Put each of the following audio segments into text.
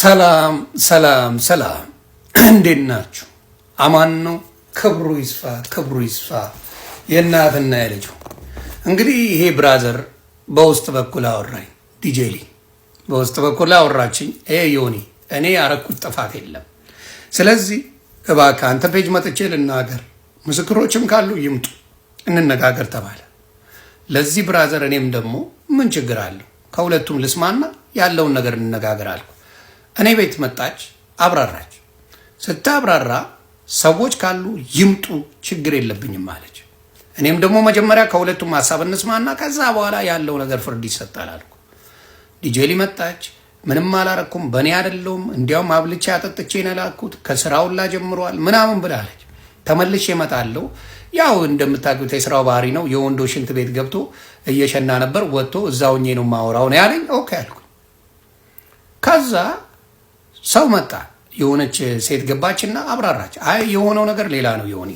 ሰላም ሰላም ሰላም፣ እንዴት ናችሁ? አማን ነው። ክብሩ ይስፋ፣ ክብሩ ይስፋ። የእናትና የልጁ እንግዲህ ይሄ ብራዘር በውስጥ በኩል አወራኝ። ዲጄሊ በውስጥ በኩል አወራችኝ። ይ ዮኒ እኔ ያረኩት ጥፋት የለም። ስለዚህ እባክህ አንተ ፔጅ መጥቼ ልናገር፣ ምስክሮችም ካሉ ይምጡ፣ እንነጋገር ተባለ። ለዚህ ብራዘር እኔም ደግሞ ምን ችግር አለው ከሁለቱም ልስማና ያለውን ነገር እንነጋገር አልኩ። እኔ ቤት መጣች፣ አብራራች። ስታብራራ ሰዎች ካሉ ይምጡ፣ ችግር የለብኝም አለች። እኔም ደግሞ መጀመሪያ ከሁለቱም ሀሳብ እንስማና ከዛ በኋላ ያለው ነገር ፍርድ ይሰጣል አልኩ። ዲጄሊ መጣች። ምንም አላረኩም፣ በእኔ አይደለውም፣ እንዲያውም አብልቼ አጠጥቼ ነው የላኩት፣ ላ ጀምሯል ምናምን ብላለች። ተመልሼ እመጣለሁ። ያው እንደምታውቁት የስራው ባህሪ ነው። የወንዶ ሽንት ቤት ገብቶ እየሸና ነበር፣ ወጥቶ እዛውኜ ነው ማወራው ነው ያለኝ። ኦኬ አልኩ። ከዛ ሰው መጣ። የሆነች ሴት ገባችና አብራራች። አይ የሆነው ነገር ሌላ ነው የሆነ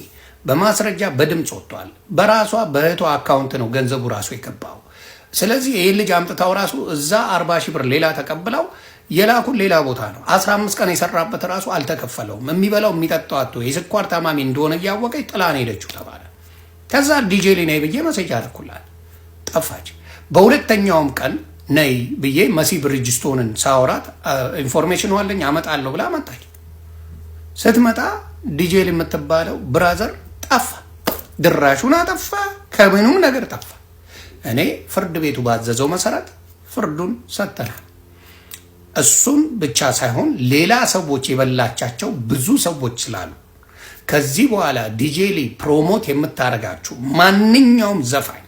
በማስረጃ በድምፅ ወጥቷል። በራሷ በእህቷ አካውንት ነው ገንዘቡ ራሱ የገባው። ስለዚህ ይህን ልጅ አምጥታው ራሱ እዛ አርባ ሺህ ብር ሌላ ተቀብለው የላኩን ሌላ ቦታ ነው። አስራ አምስት ቀን የሰራበት ራሱ አልተከፈለውም። የሚበላው የሚጠጣው አቶ የስኳር ታማሚ እንደሆነ እያወቀች ጥላን ሄደችው ተባለ። ከዛ ዲጄ ሊና ብዬ መሰጃ አልኩላት፣ ጠፋች። በሁለተኛውም ቀን ነይ ብዬ መሲ ብርጅስቶንን ሳወራት ኢንፎርሜሽን ዋለኝ አመጣለሁ ብላ መጣች። ስትመጣ ዲጄል የምትባለው ብራዘር ጠፋ፣ ድራሹን አጠፋ፣ ከምኑም ነገር ጠፋ። እኔ ፍርድ ቤቱ ባዘዘው መሰረት ፍርዱን ሰጥተናል። እሱን ብቻ ሳይሆን ሌላ ሰዎች የበላቻቸው ብዙ ሰዎች ስላሉ ከዚህ በኋላ ዲጄሊ ፕሮሞት የምታደርጋችሁ ማንኛውም ዘፋኝ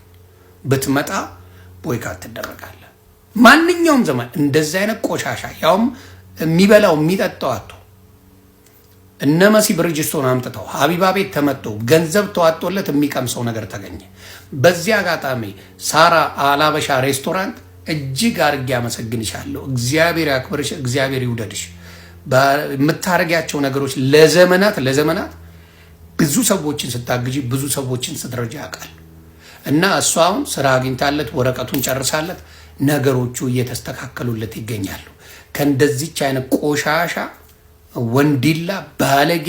ብትመጣ ቦይካት ትደረጋለ ማንኛውም ዘመን እንደዚህ አይነት ቆሻሻ ያውም የሚበላው የሚጠጣው አቶ እነ መሲ ብርጅስቶን አምጥተው ሀቢባ ቤት ተመቶ ገንዘብ ተዋጦለት የሚቀምሰው ነገር ተገኘ። በዚህ አጋጣሚ ሳራ አላበሻ ሬስቶራንት እጅግ አድርጌ አመሰግንሻለሁ። እግዚአብሔር ያክብርሽ፣ እግዚአብሔር ይውደድሽ። የምታደርጊያቸው ነገሮች ለዘመናት ለዘመናት ብዙ ሰዎችን ስታግጂ፣ ብዙ ሰዎችን ስትረጃ ያውቃል እና እሷ አሁን ስራ አግኝታለት ወረቀቱን ጨርሳለት ነገሮቹ እየተስተካከሉለት ይገኛሉ። ከእንደዚች አይነት ቆሻሻ ወንዲላ ባለጌ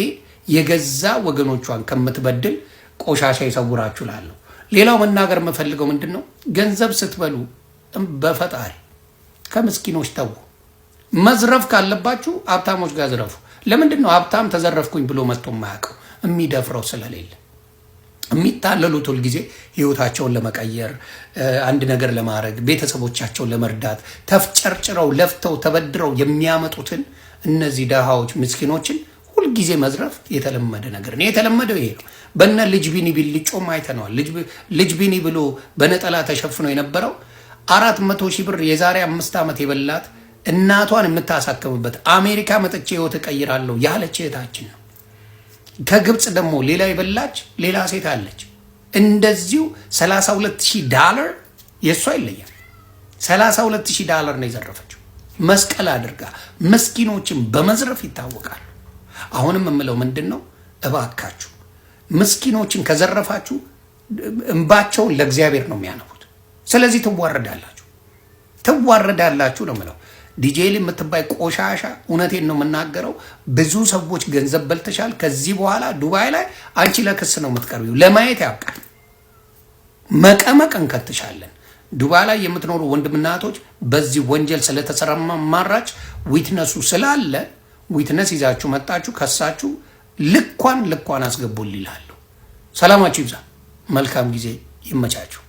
የገዛ ወገኖቿን ከምትበድል ቆሻሻ ይሰውራችሁ ሌላው መናገር የምፈልገው ምንድን ነው? ገንዘብ ስትበሉ በፈጣሪ ከምስኪኖች ተዉ። መዝረፍ ካለባችሁ ሀብታሞች ጋር ዝረፉ። ለምንድን ነው ሀብታም ተዘረፍኩኝ ብሎ መጥቶ የማያውቀው? የሚደፍረው ስለሌለ የሚታለሉት ሁል ጊዜ ህይወታቸውን ለመቀየር አንድ ነገር ለማድረግ ቤተሰቦቻቸውን ለመርዳት ተፍጨርጭረው ለፍተው ተበድረው የሚያመጡትን እነዚህ ደሃዎች ምስኪኖችን ሁልጊዜ መዝረፍ የተለመደ ነገር ነው። የተለመደው ይሄ ነው። በነ ልጅ ቢኒ ቢልጮም አይተነዋል። ልጅ ቢኒ ብሎ በነጠላ ተሸፍኖ የነበረው አራት መቶ ሺህ ብር የዛሬ አምስት ዓመት የበላት እናቷን የምታሳክምበት አሜሪካ መጥቼ ህይወት እቀይራለሁ ያለች እህታችን ነው። ከግብፅ ደግሞ ሌላ የበላች ሌላ ሴት አለች። እንደዚሁ 32000 ዳላር የእሷ ይለያል። 32000 ዳላር ነው የዘረፈችው መስቀል አድርጋ። ምስኪኖችን በመዝረፍ ይታወቃሉ። አሁንም የምለው ምንድን ነው፣ እባካችሁ ምስኪኖችን ከዘረፋችሁ እንባቸውን ለእግዚአብሔር ነው የሚያነቡት። ስለዚህ ትዋረዳላችሁ፣ ትዋረዳላችሁ ነው የምለው። ዲጄል የምትባይ ቆሻሻ፣ እውነቴን ነው የምናገረው። ብዙ ሰዎች ገንዘብ በልተሻል። ከዚህ በኋላ ዱባይ ላይ አንቺ ለክስ ነው የምትቀርቢው። ለማየት ያብቃል። መቀመቅ እንከትሻለን። ዱባይ ላይ የምትኖሩ ወንድምናቶች በዚህ ወንጀል ስለተሰራማ ማራጭ ዊትነሱ ስላለ ዊትነስ ይዛችሁ መጣችሁ ከሳችሁ፣ ልኳን ልኳን አስገቡል ይላሉ። ሰላማችሁ ይብዛ። መልካም ጊዜ ይመቻችሁ።